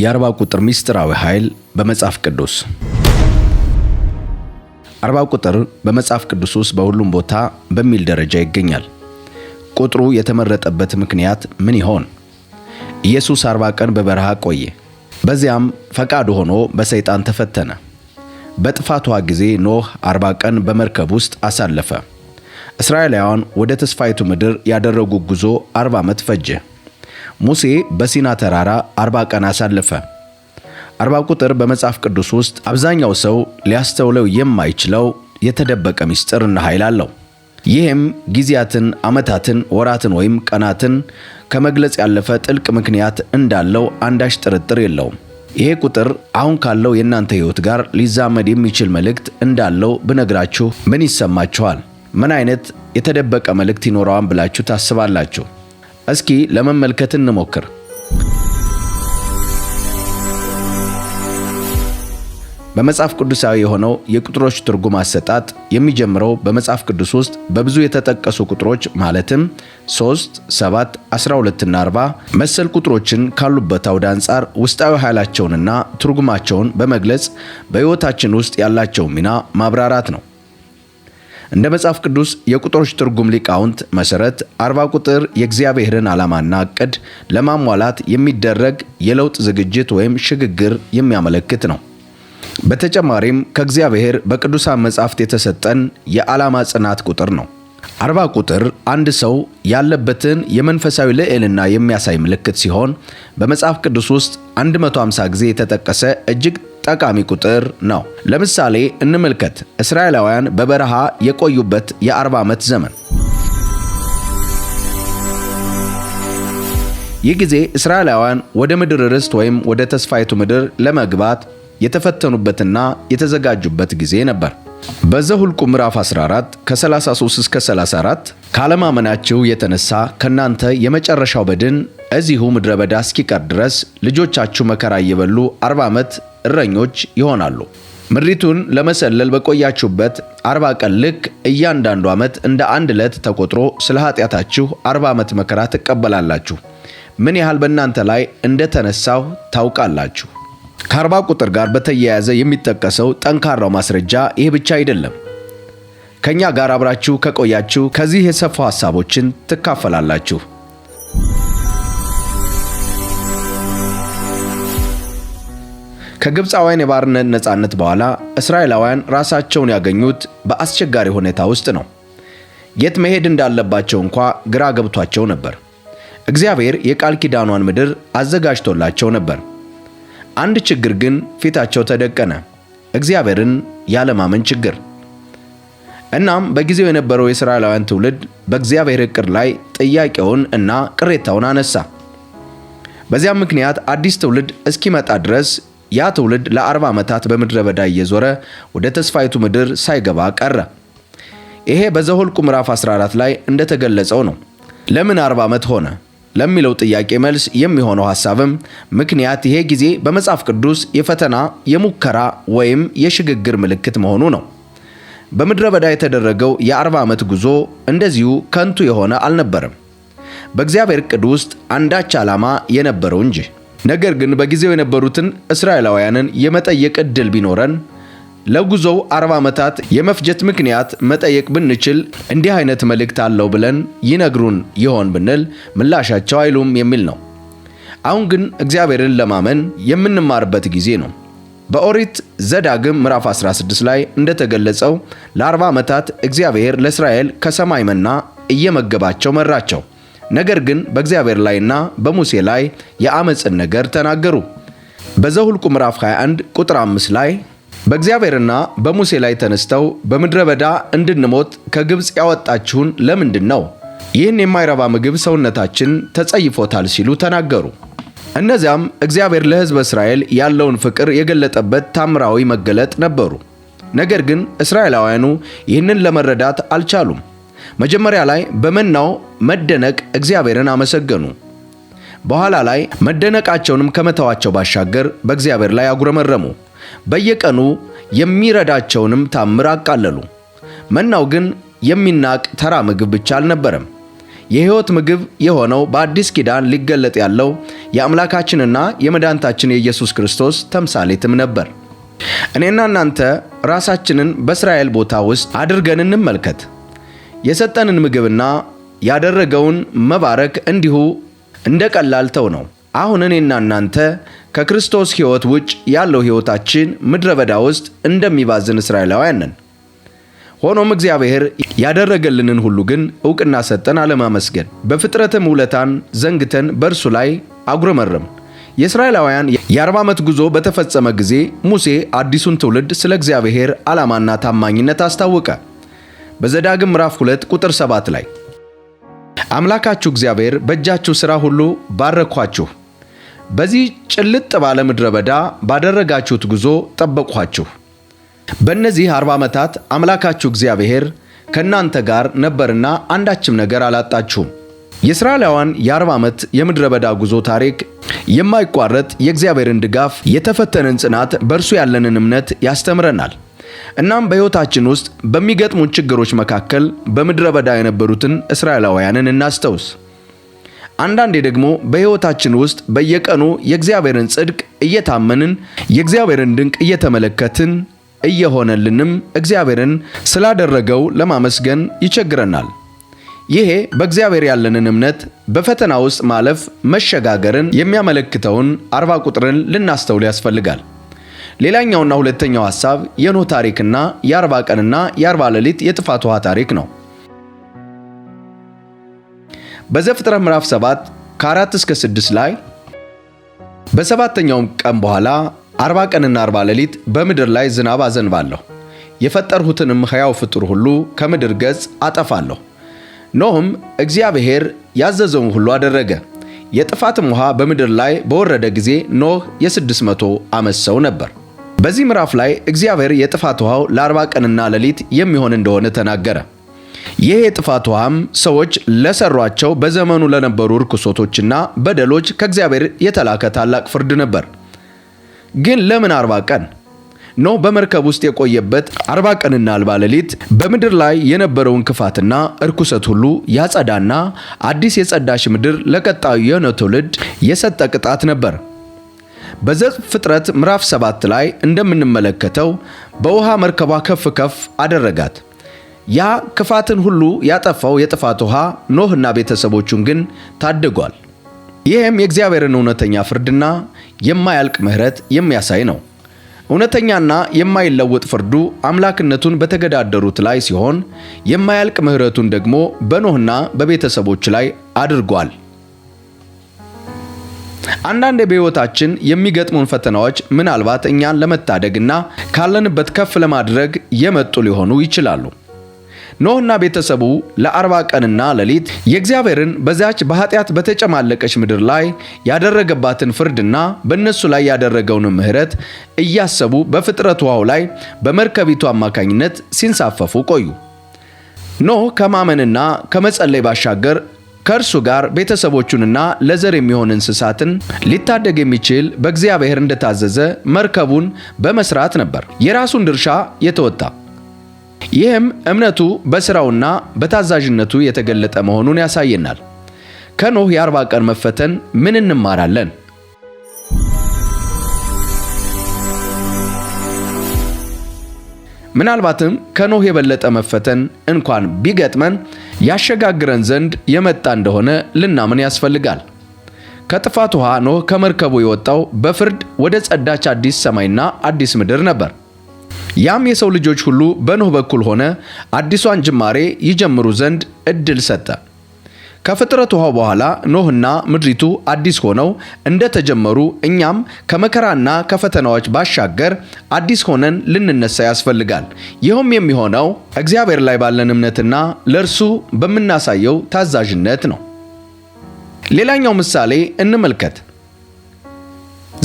የአርባ ቁጥር ምስጢራዊ ኃይል በመጽሐፍ ቅዱስ። አርባ ቁጥር በመጽሐፍ ቅዱስ ውስጥ በሁሉም ቦታ በሚል ደረጃ ይገኛል። ቁጥሩ የተመረጠበት ምክንያት ምን ይሆን? ኢየሱስ አርባ ቀን በበረሃ ቆየ። በዚያም ፈቃድ ሆኖ በሰይጣን ተፈተነ። በጥፋቷ ጊዜ ኖህ አርባ ቀን በመርከብ ውስጥ አሳለፈ። እስራኤላውያን ወደ ተስፋይቱ ምድር ያደረጉ ጉዞ አርባ ዓመት ፈጀ። ሙሴ በሲና ተራራ አርባ ቀን አሳለፈ። አርባ ቁጥር በመጽሐፍ ቅዱስ ውስጥ አብዛኛው ሰው ሊያስተውለው የማይችለው የተደበቀ እና ኃይል አለው። ይህም ጊዜያትን፣ ዓመታትን፣ ወራትን ወይም ቀናትን ከመግለጽ ያለፈ ጥልቅ ምክንያት እንዳለው አንዳች ጥርጥር የለውም። ይሄ ቁጥር አሁን ካለው የእናንተ ሕይወት ጋር ሊዛመድ የሚችል መልእክት እንዳለው ብነግራችሁ ምን ይሰማችኋል? ምን አይነት የተደበቀ መልእክት ይኖረዋን ብላችሁ ታስባላችሁ? እስኪ ለመመልከት እንሞክር። በመጽሐፍ ቅዱሳዊ የሆነው የቁጥሮች ትርጉም አሰጣጥ የሚጀምረው በመጽሐፍ ቅዱስ ውስጥ በብዙ የተጠቀሱ ቁጥሮች ማለትም 3፣ 7፣ 12 እና 40 መሰል ቁጥሮችን ካሉበት አውድ አንጻር ውስጣዊ ኃይላቸውንና ትርጉማቸውን በመግለጽ በሕይወታችን ውስጥ ያላቸው ሚና ማብራራት ነው። እንደ መጽሐፍ ቅዱስ የቁጥሮች ትርጉም ሊቃውንት መሰረት አርባ ቁጥር የእግዚአብሔርን ዓላማና እቅድ ለማሟላት የሚደረግ የለውጥ ዝግጅት ወይም ሽግግር የሚያመለክት ነው። በተጨማሪም ከእግዚአብሔር በቅዱሳን መጻሕፍት የተሰጠን የዓላማ ጽናት ቁጥር ነው። አርባ ቁጥር አንድ ሰው ያለበትን የመንፈሳዊ ልዕልና የሚያሳይ ምልክት ሲሆን በመጽሐፍ ቅዱስ ውስጥ 150 ጊዜ የተጠቀሰ እጅግ ጠቃሚ ቁጥር ነው። ለምሳሌ እንመልከት። እስራኤላውያን በበረሃ የቆዩበት የ40 ዓመት ዘመን ይህ ጊዜ እስራኤላውያን ወደ ምድር ርስት ወይም ወደ ተስፋይቱ ምድር ለመግባት የተፈተኑበትና የተዘጋጁበት ጊዜ ነበር። በዘሁልቁ ምዕራፍ 14 ከ33 እስከ 34 ካለማመናችሁ የተነሳ ከእናንተ የመጨረሻው በድን እዚሁ ምድረ በዳ እስኪቀር ድረስ ልጆቻችሁ መከራ እየበሉ 40 ዓመት እረኞች ይሆናሉ። ምድሪቱን ለመሰለል በቆያችሁበት አርባ ቀን ልክ እያንዳንዱ ዓመት እንደ አንድ ዕለት ተቆጥሮ ስለ ኃጢአታችሁ አርባ ዓመት መከራ ትቀበላላችሁ። ምን ያህል በእናንተ ላይ እንደተነሳው ታውቃላችሁ። ከአርባ ቁጥር ጋር በተያያዘ የሚጠቀሰው ጠንካራው ማስረጃ ይህ ብቻ አይደለም። ከእኛ ጋር አብራችሁ ከቆያችሁ ከዚህ የሰፋ ሐሳቦችን ትካፈላላችሁ። ከግብፃውያን የባርነት ነፃነት በኋላ እስራኤላውያን ራሳቸውን ያገኙት በአስቸጋሪ ሁኔታ ውስጥ ነው። የት መሄድ እንዳለባቸው እንኳ ግራ ገብቷቸው ነበር። እግዚአብሔር የቃል ኪዳኗን ምድር አዘጋጅቶላቸው ነበር። አንድ ችግር ግን ፊታቸው ተደቀነ፤ እግዚአብሔርን ያለማመን ችግር። እናም በጊዜው የነበረው የእስራኤላውያን ትውልድ በእግዚአብሔር እቅር ላይ ጥያቄውን እና ቅሬታውን አነሳ። በዚያም ምክንያት አዲስ ትውልድ እስኪመጣ ድረስ ያ ትውልድ ለ40 ዓመታት በምድረ በዳ እየዞረ ወደ ተስፋይቱ ምድር ሳይገባ ቀረ። ይሄ በዘሆል ምዕራፍ 14 ላይ እንደተገለጸው ነው። ለምን 40 ዓመት ሆነ ለሚለው ጥያቄ መልስ የሚሆነው ሐሳብም ምክንያት ይሄ ጊዜ በመጽሐፍ ቅዱስ የፈተና የሙከራ ወይም የሽግግር ምልክት መሆኑ ነው። በምድረ በዳ የተደረገው የ40 ዓመት ጉዞ እንደዚሁ ከንቱ የሆነ አልነበረም። በእግዚአብሔር ዕቅድ ውስጥ አንዳች ዓላማ የነበረው እንጂ ነገር ግን በጊዜው የነበሩትን እስራኤላውያንን የመጠየቅ ዕድል ቢኖረን ለጉዞው 40 ዓመታት የመፍጀት ምክንያት መጠየቅ ብንችል እንዲህ አይነት መልእክት አለው ብለን ይነግሩን ይሆን ብንል ምላሻቸው አይሉም የሚል ነው። አሁን ግን እግዚአብሔርን ለማመን የምንማርበት ጊዜ ነው። በኦሪት ዘዳግም ምዕራፍ 16 ላይ እንደተገለጸው ለ40 ዓመታት እግዚአብሔር ለእስራኤል ከሰማይ መና እየመገባቸው መራቸው። ነገር ግን በእግዚአብሔር ላይና በሙሴ ላይ የአመፅን ነገር ተናገሩ። በዘሁልቁ ምዕራፍ 21 ቁጥር 5 ላይ በእግዚአብሔርና በሙሴ ላይ ተነስተው በምድረ በዳ እንድንሞት ከግብፅ ያወጣችሁን ለምንድን ነው? ይህን የማይረባ ምግብ ሰውነታችን ተጸይፎታል ሲሉ ተናገሩ። እነዚያም እግዚአብሔር ለሕዝብ እስራኤል ያለውን ፍቅር የገለጠበት ታምራዊ መገለጥ ነበሩ። ነገር ግን እስራኤላውያኑ ይህንን ለመረዳት አልቻሉም። መጀመሪያ ላይ በመናው መደነቅ እግዚአብሔርን አመሰገኑ። በኋላ ላይ መደነቃቸውንም ከመተዋቸው ባሻገር በእግዚአብሔር ላይ አጉረመረሙ። በየቀኑ የሚረዳቸውንም ታምር አቃለሉ። መናው ግን የሚናቅ ተራ ምግብ ብቻ አልነበረም። የሕይወት ምግብ የሆነው በአዲስ ኪዳን ሊገለጥ ያለው የአምላካችንና የመድኃኒታችን የኢየሱስ ክርስቶስ ተምሳሌትም ነበር። እኔና እናንተ ራሳችንን በእስራኤል ቦታ ውስጥ አድርገን እንመልከት። የሰጠንን ምግብና ያደረገውን መባረክ እንዲሁ እንደ ቀላል ተው ነው። አሁን እኔና እናንተ ከክርስቶስ ሕይወት ውጭ ያለው ሕይወታችን ምድረ በዳ ውስጥ እንደሚባዝን እስራኤላውያን ነን። ሆኖም እግዚአብሔር ያደረገልንን ሁሉ ግን እውቅና ሰጠን አለማመስገን፣ በፍጥረትም ውለታን ዘንግተን በእርሱ ላይ አጉረመረም። የእስራኤላውያን የአርባ ዓመት ጉዞ በተፈጸመ ጊዜ ሙሴ አዲሱን ትውልድ ስለ እግዚአብሔር ዓላማና ታማኝነት አስታወቀ። በዘዳግም ምዕራፍ 2 ቁጥር 7 ላይ አምላካችሁ እግዚአብሔር በእጃችሁ ሥራ ሁሉ ባረኳችሁ፣ በዚህ ጭልጥ ባለ ምድረ በዳ ባደረጋችሁት ጉዞ ጠበቅኋችሁ። በእነዚህ አርባ ዓመታት አምላካችሁ እግዚአብሔር ከእናንተ ጋር ነበርና አንዳችም ነገር አላጣችሁም። የእስራኤላውያን የአርባ ዓመት የምድረ በዳ ጉዞ ታሪክ የማይቋረጥ የእግዚአብሔርን ድጋፍ፣ የተፈተነን ጽናት፣ በእርሱ ያለንን እምነት ያስተምረናል። እናም በሕይወታችን ውስጥ በሚገጥሙን ችግሮች መካከል በምድረ በዳ የነበሩትን እስራኤላውያንን እናስተውስ አንዳንዴ ደግሞ በሕይወታችን ውስጥ በየቀኑ የእግዚአብሔርን ጽድቅ እየታመንን የእግዚአብሔርን ድንቅ እየተመለከትን እየሆነልንም እግዚአብሔርን ስላደረገው ለማመስገን ይቸግረናል። ይሄ በእግዚአብሔር ያለንን እምነት በፈተና ውስጥ ማለፍ መሸጋገርን የሚያመለክተውን አርባ ቁጥርን ልናስተውል ያስፈልጋል። ሌላኛውና ሁለተኛው ሐሳብ የኖህ ታሪክና የአርባ ቀንና የአርባ ሌሊት የጥፋት ውሃ ታሪክ ነው። በዘፍጥረት ምዕራፍ 7 ከ4 እስከ 6 ላይ በሰባተኛውም ቀን በኋላ አርባ ቀንና አርባ ሌሊት በምድር ላይ ዝናብ አዘንባለሁ፣ የፈጠርሁትንም ሕያው ፍጡር ሁሉ ከምድር ገጽ አጠፋለሁ። ኖህም እግዚአብሔር ያዘዘውን ሁሉ አደረገ። የጥፋትም ውሃ በምድር ላይ በወረደ ጊዜ ኖህ የ600 ዓመት ሰው ነበር። በዚህ ምዕራፍ ላይ እግዚአብሔር የጥፋት ውሃው ለአርባ ቀንና ሌሊት የሚሆን እንደሆነ ተናገረ። ይህ የጥፋት ውሃም ሰዎች ለሰሯቸው በዘመኑ ለነበሩ ርኩሶቶችና በደሎች ከእግዚአብሔር የተላከ ታላቅ ፍርድ ነበር። ግን ለምን አርባ ቀን? ኖህ በመርከብ ውስጥ የቆየበት አርባ ቀንና አልባ ሌሊት በምድር ላይ የነበረውን ክፋትና እርኩሰት ሁሉ ያጸዳና አዲስ የጸዳሽ ምድር ለቀጣዩ የሆነ ትውልድ የሰጠ ቅጣት ነበር። በዘፍጥረት ምዕራፍ 7 ላይ እንደምንመለከተው በውሃ መርከቧ ከፍ ከፍ አደረጋት። ያ ክፋትን ሁሉ ያጠፋው የጥፋት ውሃ ኖህና ቤተሰቦቹን ግን ታድጓል። ይህም የእግዚአብሔርን እውነተኛ ፍርድና የማያልቅ ምሕረት የሚያሳይ ነው። እውነተኛና የማይለወጥ ፍርዱ አምላክነቱን በተገዳደሩት ላይ ሲሆን የማያልቅ ምሕረቱን ደግሞ በኖህና በቤተሰቦች ላይ አድርጓል። አንዳንድ በሕይወታችን የሚገጥሙን ፈተናዎች ምናልባት እኛን ለመታደግና ካለንበት ከፍ ለማድረግ የመጡ ሊሆኑ ይችላሉ። ኖህና ቤተሰቡ ለአርባ ቀንና ሌሊት የእግዚአብሔርን በዚያች በኃጢአት በተጨማለቀች ምድር ላይ ያደረገባትን ፍርድና በእነሱ ላይ ያደረገውን ምሕረት እያሰቡ በፍጥረት ውሃው ላይ በመርከቢቱ አማካኝነት ሲንሳፈፉ ቆዩ። ኖህ ከማመንና ከመጸለይ ባሻገር ከእርሱ ጋር ቤተሰቦቹንና ለዘር የሚሆን እንስሳትን ሊታደግ የሚችል በእግዚአብሔር እንደታዘዘ መርከቡን በመስራት ነበር የራሱን ድርሻ የተወጣ። ይህም እምነቱ በሥራውና በታዛዥነቱ የተገለጠ መሆኑን ያሳየናል። ከኖህ የአርባ ቀን መፈተን ምን እንማራለን? ምናልባትም ከኖህ የበለጠ መፈተን እንኳን ቢገጥመን ያሸጋግረን ዘንድ የመጣ እንደሆነ ልናምን ያስፈልጋል። ከጥፋት ውሃ ኖህ ከመርከቡ የወጣው በፍርድ ወደ ጸዳች አዲስ ሰማይና አዲስ ምድር ነበር። ያም የሰው ልጆች ሁሉ በኖህ በኩል ሆነ አዲሷን ጅማሬ ይጀምሩ ዘንድ እድል ሰጠ። ከፍጥረት ውሃው በኋላ ኖህና ምድሪቱ አዲስ ሆነው እንደተጀመሩ እኛም ከመከራና ከፈተናዎች ባሻገር አዲስ ሆነን ልንነሳ ያስፈልጋል። ይህም የሚሆነው እግዚአብሔር ላይ ባለን እምነትና ለእርሱ በምናሳየው ታዛዥነት ነው። ሌላኛው ምሳሌ እንመልከት።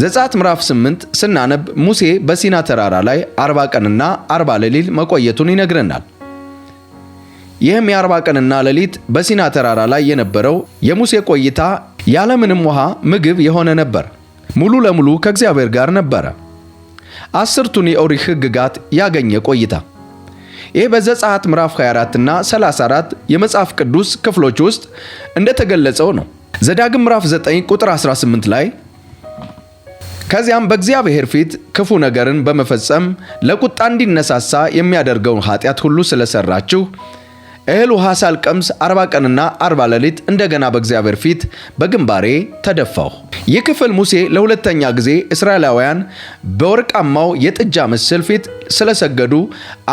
ዘጸአት ምዕራፍ 8 ስናነብ ሙሴ በሲና ተራራ ላይ 40 ቀንና 40 ሌሊት መቆየቱን ይነግረናል። ይህም የአርባ ቀንና ሌሊት በሲና ተራራ ላይ የነበረው የሙሴ ቆይታ ያለምንም ውሃ ምግብ የሆነ ነበር። ሙሉ ለሙሉ ከእግዚአብሔር ጋር ነበረ። አስርቱን የኦሪት ሕግጋት ያገኘ ቆይታ። ይህ በዘጸአት ምዕራፍ 24 እና 34 የመጽሐፍ ቅዱስ ክፍሎች ውስጥ እንደተገለጸው ነው። ዘዳግም ምዕራፍ 9 ቁጥር 18 ላይ ከዚያም በእግዚአብሔር ፊት ክፉ ነገርን በመፈጸም ለቁጣ እንዲነሳሳ የሚያደርገውን ኃጢአት ሁሉ ስለሰራችሁ እህል ውሃ ሳልቀምስ አርባ ቀንና አርባ ሌሊት እንደገና በእግዚአብሔር ፊት በግንባሬ ተደፋሁ። ይህ ክፍል ሙሴ ለሁለተኛ ጊዜ እስራኤላውያን በወርቃማው የጥጃ ምስል ፊት ስለሰገዱ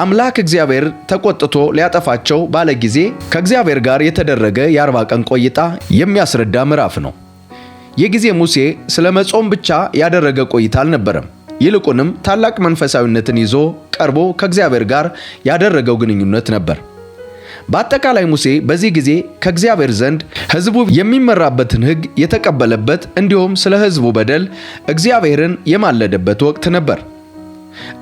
አምላክ እግዚአብሔር ተቆጥቶ ሊያጠፋቸው ባለ ጊዜ ከእግዚአብሔር ጋር የተደረገ የአርባ ቀን ቆይታ የሚያስረዳ ምዕራፍ ነው። የጊዜ ሙሴ ስለ መጾም ብቻ ያደረገ ቆይታ አልነበረም። ይልቁንም ታላቅ መንፈሳዊነትን ይዞ ቀርቦ ከእግዚአብሔር ጋር ያደረገው ግንኙነት ነበር። በአጠቃላይ ሙሴ በዚህ ጊዜ ከእግዚአብሔር ዘንድ ሕዝቡ የሚመራበትን ሕግ የተቀበለበት እንዲሁም ስለ ሕዝቡ በደል እግዚአብሔርን የማለደበት ወቅት ነበር።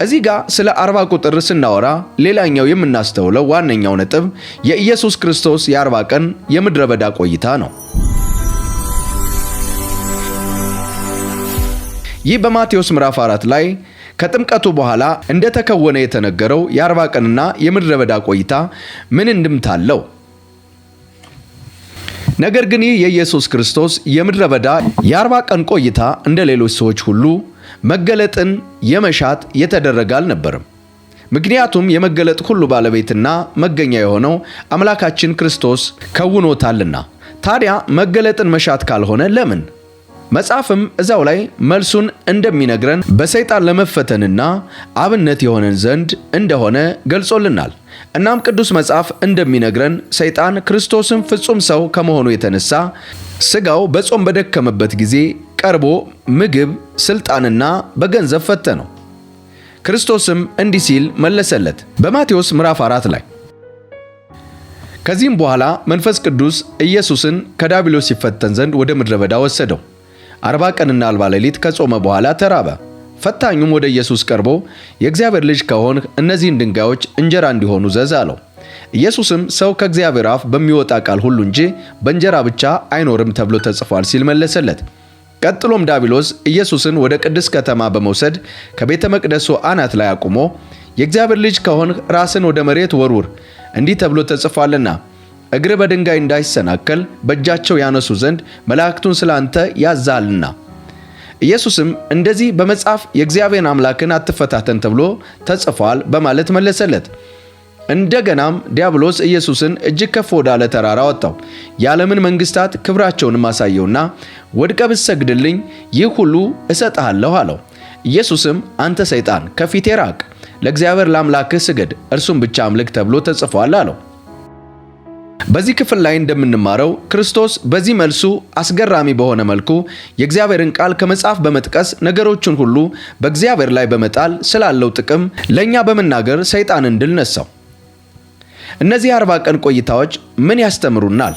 እዚህ ጋር ስለ አርባ ቁጥር ስናወራ ሌላኛው የምናስተውለው ዋነኛው ነጥብ የኢየሱስ ክርስቶስ የአርባ ቀን የምድረ በዳ ቆይታ ነው። ይህ በማቴዎስ ምዕራፍ 4 ላይ ከጥምቀቱ በኋላ እንደተከወነ የተነገረው የአርባ ቀንና የምድረ በዳ ቆይታ ምን እንድምታ አለው? ነገር ግን ይህ የኢየሱስ ክርስቶስ የምድረ በዳ የአርባ ቀን ቆይታ እንደ ሌሎች ሰዎች ሁሉ መገለጥን የመሻት የተደረገ አልነበርም። ምክንያቱም የመገለጥ ሁሉ ባለቤትና መገኛ የሆነው አምላካችን ክርስቶስ ከውኖታልና። ታዲያ መገለጥን መሻት ካልሆነ ለምን መጽሐፍም እዛው ላይ መልሱን እንደሚነግረን በሰይጣን ለመፈተንና አብነት የሆነን ዘንድ እንደሆነ ገልጾልናል። እናም ቅዱስ መጽሐፍ እንደሚነግረን ሰይጣን ክርስቶስን ፍጹም ሰው ከመሆኑ የተነሳ ስጋው በጾም በደከመበት ጊዜ ቀርቦ ምግብ፣ ስልጣንና በገንዘብ ፈተነው። ክርስቶስም እንዲህ ሲል መለሰለት በማቴዎስ ምዕራፍ 4 ላይ ከዚህም በኋላ መንፈስ ቅዱስ ኢየሱስን ከዳቢሎስ ይፈተን ዘንድ ወደ ምድረ በዳ ወሰደው። አርባ ቀንና አርባ ሌሊት ከጾመ በኋላ ተራበ። ፈታኙም ወደ ኢየሱስ ቀርቦ የእግዚአብሔር ልጅ ከሆንህ እነዚህን ድንጋዮች እንጀራ እንዲሆኑ ዘዝ አለው። ኢየሱስም ሰው ከእግዚአብሔር አፍ በሚወጣ ቃል ሁሉ እንጂ በእንጀራ ብቻ አይኖርም ተብሎ ተጽፏል ሲል መለሰለት። ቀጥሎም ዲያብሎስ ኢየሱስን ወደ ቅድስት ከተማ በመውሰድ ከቤተ መቅደሱ አናት ላይ አቁሞ የእግዚአብሔር ልጅ ከሆንህ ራስን ወደ መሬት ወርውር፣ እንዲህ ተብሎ ተጽፏልና እግር በድንጋይ እንዳይሰናከል በእጃቸው ያነሱ ዘንድ መላእክቱን ስለ አንተ ያዛልና። ኢየሱስም እንደዚህ በመጽሐፍ የእግዚአብሔር አምላክን አትፈታተን ተብሎ ተጽፏል በማለት መለሰለት። እንደገናም ዲያብሎስ ኢየሱስን እጅግ ከፍ ወዳለ ተራራ ወጣው፣ የዓለምን መንግሥታት ክብራቸውንም አሳየውና ወድቀ ብትሰግድልኝ ይህ ሁሉ እሰጥሃለሁ አለው። ኢየሱስም አንተ ሰይጣን ከፊቴ ራቅ፣ ለእግዚአብሔር ለአምላክህ ስገድ፣ እርሱም ብቻ አምልክ ተብሎ ተጽፏል አለው። በዚህ ክፍል ላይ እንደምንማረው ክርስቶስ በዚህ መልሱ አስገራሚ በሆነ መልኩ የእግዚአብሔርን ቃል ከመጽሐፍ በመጥቀስ ነገሮችን ሁሉ በእግዚአብሔር ላይ በመጣል ስላለው ጥቅም ለእኛ በመናገር ሰይጣንን ድል ነሳው። እነዚህ የአርባ ቀን ቆይታዎች ምን ያስተምሩናል?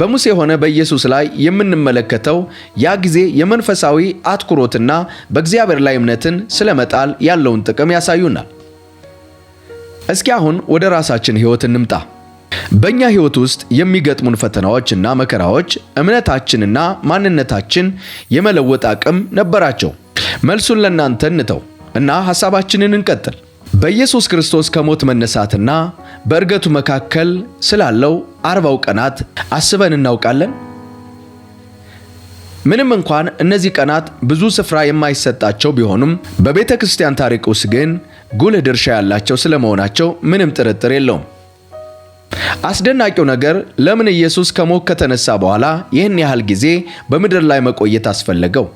በሙሴ ሆነ በኢየሱስ ላይ የምንመለከተው ያ ጊዜ የመንፈሳዊ አትኩሮትና በእግዚአብሔር ላይ እምነትን ስለመጣል ያለውን ጥቅም ያሳዩናል። እስኪ አሁን ወደ ራሳችን ህይወት እንምጣ። በእኛ ህይወት ውስጥ የሚገጥሙን ፈተናዎችና መከራዎች እምነታችንና ማንነታችን የመለወጥ አቅም ነበራቸው። መልሱን ለእናንተ እንተው እና ሐሳባችንን እንቀጥል። በኢየሱስ ክርስቶስ ከሞት መነሳትና በእርገቱ መካከል ስላለው አርባው ቀናት አስበን እናውቃለን? ምንም እንኳን እነዚህ ቀናት ብዙ ስፍራ የማይሰጣቸው ቢሆኑም በቤተ ክርስቲያን ታሪክ ውስጥ ግን ጉልህ ድርሻ ያላቸው ስለመሆናቸው ምንም ጥርጥር የለውም። አስደናቂው ነገር ለምን ኢየሱስ ከሞት ከተነሳ በኋላ ይህን ያህል ጊዜ በምድር ላይ መቆየት አስፈለገው?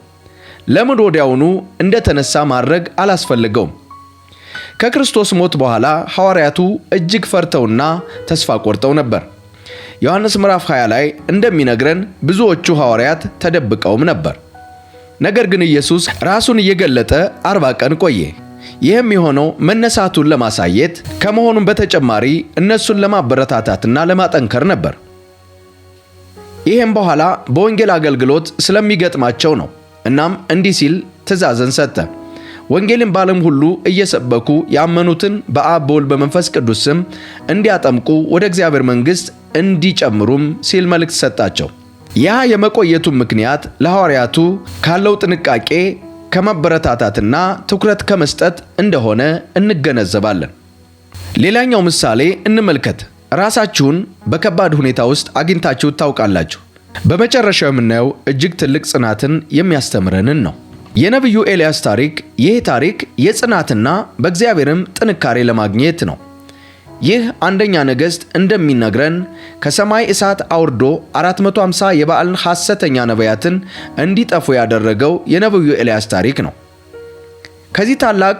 ለምን ወዲያውኑ እንደተነሳ ማድረግ አላስፈለገውም? ከክርስቶስ ሞት በኋላ ሐዋርያቱ እጅግ ፈርተውና ተስፋ ቆርጠው ነበር። ዮሐንስ ምዕራፍ 20 ላይ እንደሚነግረን ብዙዎቹ ሐዋርያት ተደብቀውም ነበር። ነገር ግን ኢየሱስ ራሱን እየገለጠ አርባ ቀን ቆየ። ይህም የሆነው መነሳቱን ለማሳየት ከመሆኑም በተጨማሪ እነሱን ለማበረታታትና ለማጠንከር ነበር። ይህም በኋላ በወንጌል አገልግሎት ስለሚገጥማቸው ነው። እናም እንዲህ ሲል ትእዛዝን ሰጠ። ወንጌልን በዓለም ሁሉ እየሰበኩ ያመኑትን በአብ በወልድ በመንፈስ ቅዱስ ስም እንዲያጠምቁ ወደ እግዚአብሔር መንግሥት እንዲጨምሩም ሲል መልእክት ሰጣቸው። ያ የመቆየቱ ምክንያት ለሐዋርያቱ ካለው ጥንቃቄ ከመበረታታትና ትኩረት ከመስጠት እንደሆነ እንገነዘባለን። ሌላኛው ምሳሌ እንመልከት። ራሳችሁን በከባድ ሁኔታ ውስጥ አግኝታችሁ ታውቃላችሁ። በመጨረሻው የምናየው እጅግ ትልቅ ጽናትን የሚያስተምረንን ነው። የነቢዩ ኤልያስ ታሪክ። ይህ ታሪክ የጽናትና በእግዚአብሔርም ጥንካሬ ለማግኘት ነው። ይህ አንደኛ ነገሥት እንደሚነግረን ከሰማይ እሳት አውርዶ 450 የበዓልን ሐሰተኛ ነቢያትን እንዲጠፉ ያደረገው የነቢዩ ኤልያስ ታሪክ ነው። ከዚህ ታላቅ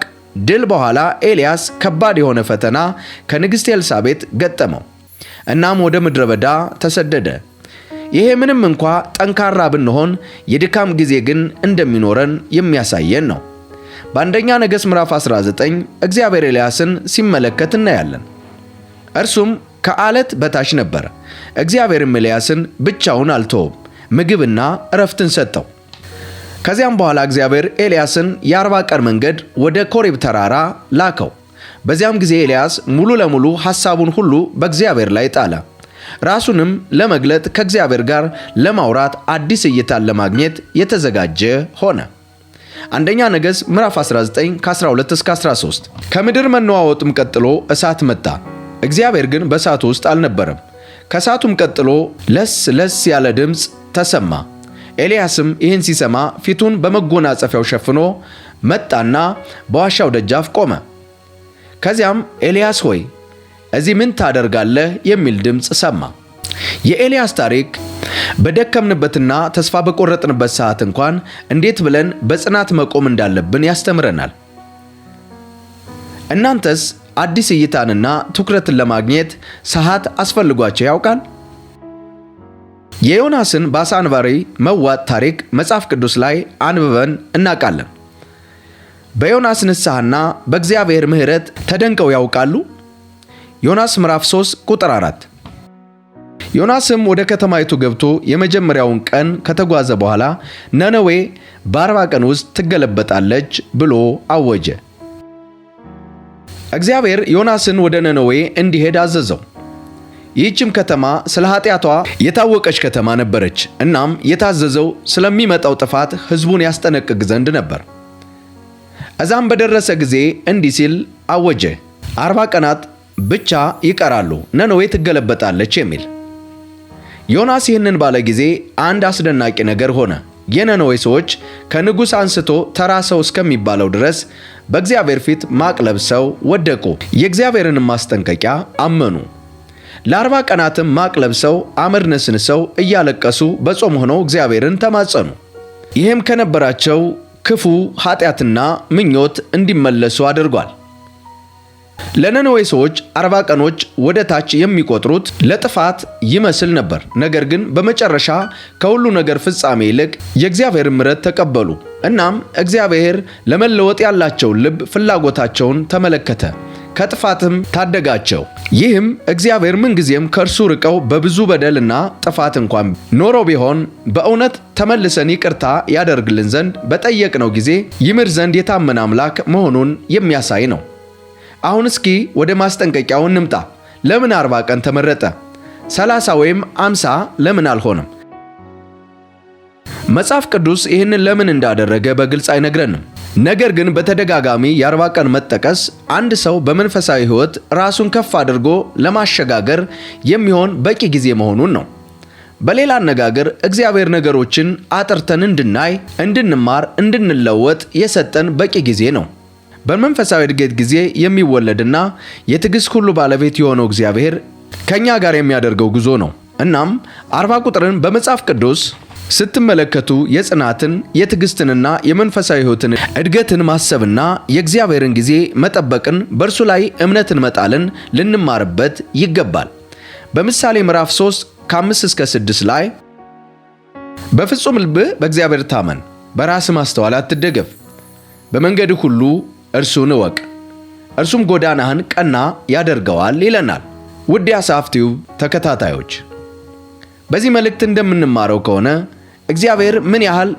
ድል በኋላ ኤልያስ ከባድ የሆነ ፈተና ከንግሥት ኤልሳቤት ገጠመው። እናም ወደ ምድረ በዳ ተሰደደ። ይሄ ምንም እንኳ ጠንካራ ብንሆን የድካም ጊዜ ግን እንደሚኖረን የሚያሳየን ነው። በአንደኛ ነገሥት ምዕራፍ 19 እግዚአብሔር ኤልያስን ሲመለከት እናያለን። እርሱም ከዓለት በታች ነበር። እግዚአብሔርም ኤልያስን ብቻውን አልተወም፣ ምግብና እረፍትን ሰጠው። ከዚያም በኋላ እግዚአብሔር ኤልያስን የአርባ ቀን መንገድ ወደ ኮሬብ ተራራ ላከው። በዚያም ጊዜ ኤልያስ ሙሉ ለሙሉ ሐሳቡን ሁሉ በእግዚአብሔር ላይ ጣለ። ራሱንም ለመግለጥ ከእግዚአብሔር ጋር ለማውራት አዲስ እይታን ለማግኘት የተዘጋጀ ሆነ። አንደኛ ነገሥት ምዕራፍ 19 ከ12 እስከ 13። ከምድር መነዋወጥም ቀጥሎ እሳት መጣ። እግዚአብሔር ግን በእሳቱ ውስጥ አልነበረም። ከእሳቱም ቀጥሎ ለስ ለስ ያለ ድምፅ ተሰማ። ኤልያስም ይህን ሲሰማ ፊቱን በመጎናጸፊያው ሸፍኖ መጣና በዋሻው ደጃፍ ቆመ። ከዚያም ኤልያስ ሆይ እዚህ ምን ታደርጋለህ? የሚል ድምፅ ሰማ። የኤልያስ ታሪክ በደከምንበትና ተስፋ በቆረጥንበት ሰዓት እንኳን እንዴት ብለን በጽናት መቆም እንዳለብን ያስተምረናል። እናንተስ አዲስ እይታንና ትኩረትን ለማግኘት ሰዓት አስፈልጓቸው ያውቃል? የዮናስን በአሳ አንባሪ መዋጥ ታሪክ መጽሐፍ ቅዱስ ላይ አንብበን እናውቃለን። በዮናስ ንስሐና በእግዚአብሔር ምሕረት ተደንቀው ያውቃሉ? ዮናስ ምዕራፍ 3 ቁጥር 4። ዮናስም ወደ ከተማይቱ ገብቶ የመጀመሪያውን ቀን ከተጓዘ በኋላ ነነዌ በአርባ ቀን ውስጥ ትገለበጣለች ብሎ አወጀ። እግዚአብሔር ዮናስን ወደ ነነዌ እንዲሄድ አዘዘው። ይህችም ከተማ ስለ ኃጢአቷ የታወቀች ከተማ ነበረች። እናም የታዘዘው ስለሚመጣው ጥፋት ሕዝቡን ያስጠነቅቅ ዘንድ ነበር። እዛም በደረሰ ጊዜ እንዲህ ሲል አወጀ፣ አርባ ቀናት ብቻ ይቀራሉ፣ ነነዌ ትገለበጣለች የሚል። ዮናስ ይህንን ባለ ጊዜ አንድ አስደናቂ ነገር ሆነ። የነነዌ ሰዎች ከንጉሥ አንስቶ ተራ ሰው እስከሚባለው ድረስ በእግዚአብሔር ፊት ማቅ ለብሰው ወደቁ። የእግዚአብሔርን ማስጠንቀቂያ አመኑ። ለአርባ ቀናትም ማቅ ለብሰው አመድ ነስንሰው እያለቀሱ በጾም ሆነው እግዚአብሔርን ተማጸኑ። ይህም ከነበራቸው ክፉ ኃጢአትና ምኞት እንዲመለሱ አድርጓል። ለነነዌ ሰዎች አርባ ቀኖች ወደ ታች የሚቆጥሩት ለጥፋት ይመስል ነበር። ነገር ግን በመጨረሻ ከሁሉ ነገር ፍጻሜ ይልቅ የእግዚአብሔር ምረት ተቀበሉ። እናም እግዚአብሔር ለመለወጥ ያላቸውን ልብ ፍላጎታቸውን ተመለከተ፣ ከጥፋትም ታደጋቸው። ይህም እግዚአብሔር ምንጊዜም ከእርሱ ርቀው በብዙ በደልና ጥፋት እንኳን ኖሮ ቢሆን በእውነት ተመልሰን ይቅርታ ያደርግልን ዘንድ በጠየቅነው ጊዜ ይምር ዘንድ የታመነ አምላክ መሆኑን የሚያሳይ ነው። አሁን እስኪ ወደ ማስጠንቀቂያው እንምጣ። ለምን 40 ቀን ተመረጠ? 30 ወይም 50 ለምን አልሆነም? መጽሐፍ ቅዱስ ይህንን ለምን እንዳደረገ በግልጽ አይነግረንም። ነገር ግን በተደጋጋሚ የአርባ 40 ቀን መጠቀስ አንድ ሰው በመንፈሳዊ ሕይወት ራሱን ከፍ አድርጎ ለማሸጋገር የሚሆን በቂ ጊዜ መሆኑን ነው። በሌላ አነጋገር እግዚአብሔር ነገሮችን አጥርተን እንድናይ፣ እንድንማር፣ እንድንለወጥ የሰጠን በቂ ጊዜ ነው። በመንፈሳዊ እድገት ጊዜ የሚወለድና የትግስት ሁሉ ባለቤት የሆነው እግዚአብሔር ከእኛ ጋር የሚያደርገው ጉዞ ነው። እናም አርባ ቁጥርን በመጽሐፍ ቅዱስ ስትመለከቱ የጽናትን የትዕግስትንና የመንፈሳዊ ሕይወትን እድገትን ማሰብና የእግዚአብሔርን ጊዜ መጠበቅን በእርሱ ላይ እምነትን መጣልን ልንማርበት ይገባል። በምሳሌ ምዕራፍ 3 ከ5 እስከ 6 ላይ በፍጹም ልብህ በእግዚአብሔር ታመን፣ በራስ ማስተዋል አትደገፍ፣ በመንገድህ ሁሉ እርሱን እወቅ፣ እርሱም ጎዳናህን ቀና ያደርገዋል ይለናል። ውድ የአሳፍ ቲዩብ ተከታታዮች በዚህ መልእክት እንደምንማረው ከሆነ እግዚአብሔር ምን ያህል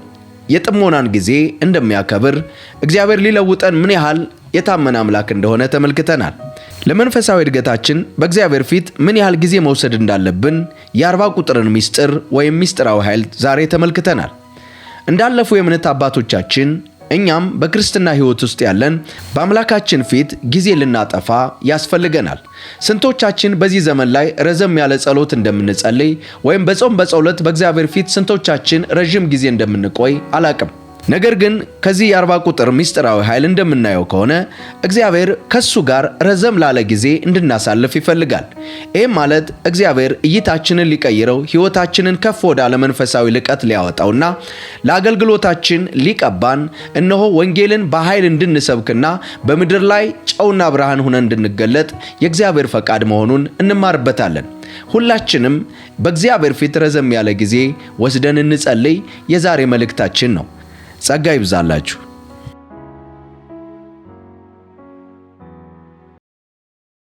የጥሞናን ጊዜ እንደሚያከብር እግዚአብሔር ሊለውጠን ምን ያህል የታመነ አምላክ እንደሆነ ተመልክተናል። ለመንፈሳዊ እድገታችን በእግዚአብሔር ፊት ምን ያህል ጊዜ መውሰድ እንዳለብን የአርባ ቁጥርን ምስጢር ወይም ምስጢራዊ ኃይል ዛሬ ተመልክተናል። እንዳለፉ የእምነት አባቶቻችን እኛም በክርስትና ሕይወት ውስጥ ያለን በአምላካችን ፊት ጊዜ ልናጠፋ ያስፈልገናል። ስንቶቻችን በዚህ ዘመን ላይ ረዘም ያለ ጸሎት እንደምንጸልይ ወይም በጾም በጸሎት በእግዚአብሔር ፊት ስንቶቻችን ረዥም ጊዜ እንደምንቆይ አላቅም። ነገር ግን ከዚህ የአርባ ቁጥር ምስጢራዊ ኃይል እንደምናየው ከሆነ እግዚአብሔር ከሱ ጋር ረዘም ላለ ጊዜ እንድናሳልፍ ይፈልጋል። ይህም ማለት እግዚአብሔር እይታችንን ሊቀይረው፣ ሕይወታችንን ከፍ ወዳለ መንፈሳዊ ልቀት ሊያወጣውና ለአገልግሎታችን ሊቀባን እነሆ ወንጌልን በኃይል እንድንሰብክና በምድር ላይ ጨውና ብርሃን ሆነን እንድንገለጥ የእግዚአብሔር ፈቃድ መሆኑን እንማርበታለን። ሁላችንም በእግዚአብሔር ፊት ረዘም ያለ ጊዜ ወስደን እንጸልይ የዛሬ መልእክታችን ነው። ጸጋ ይብዛላችሁ።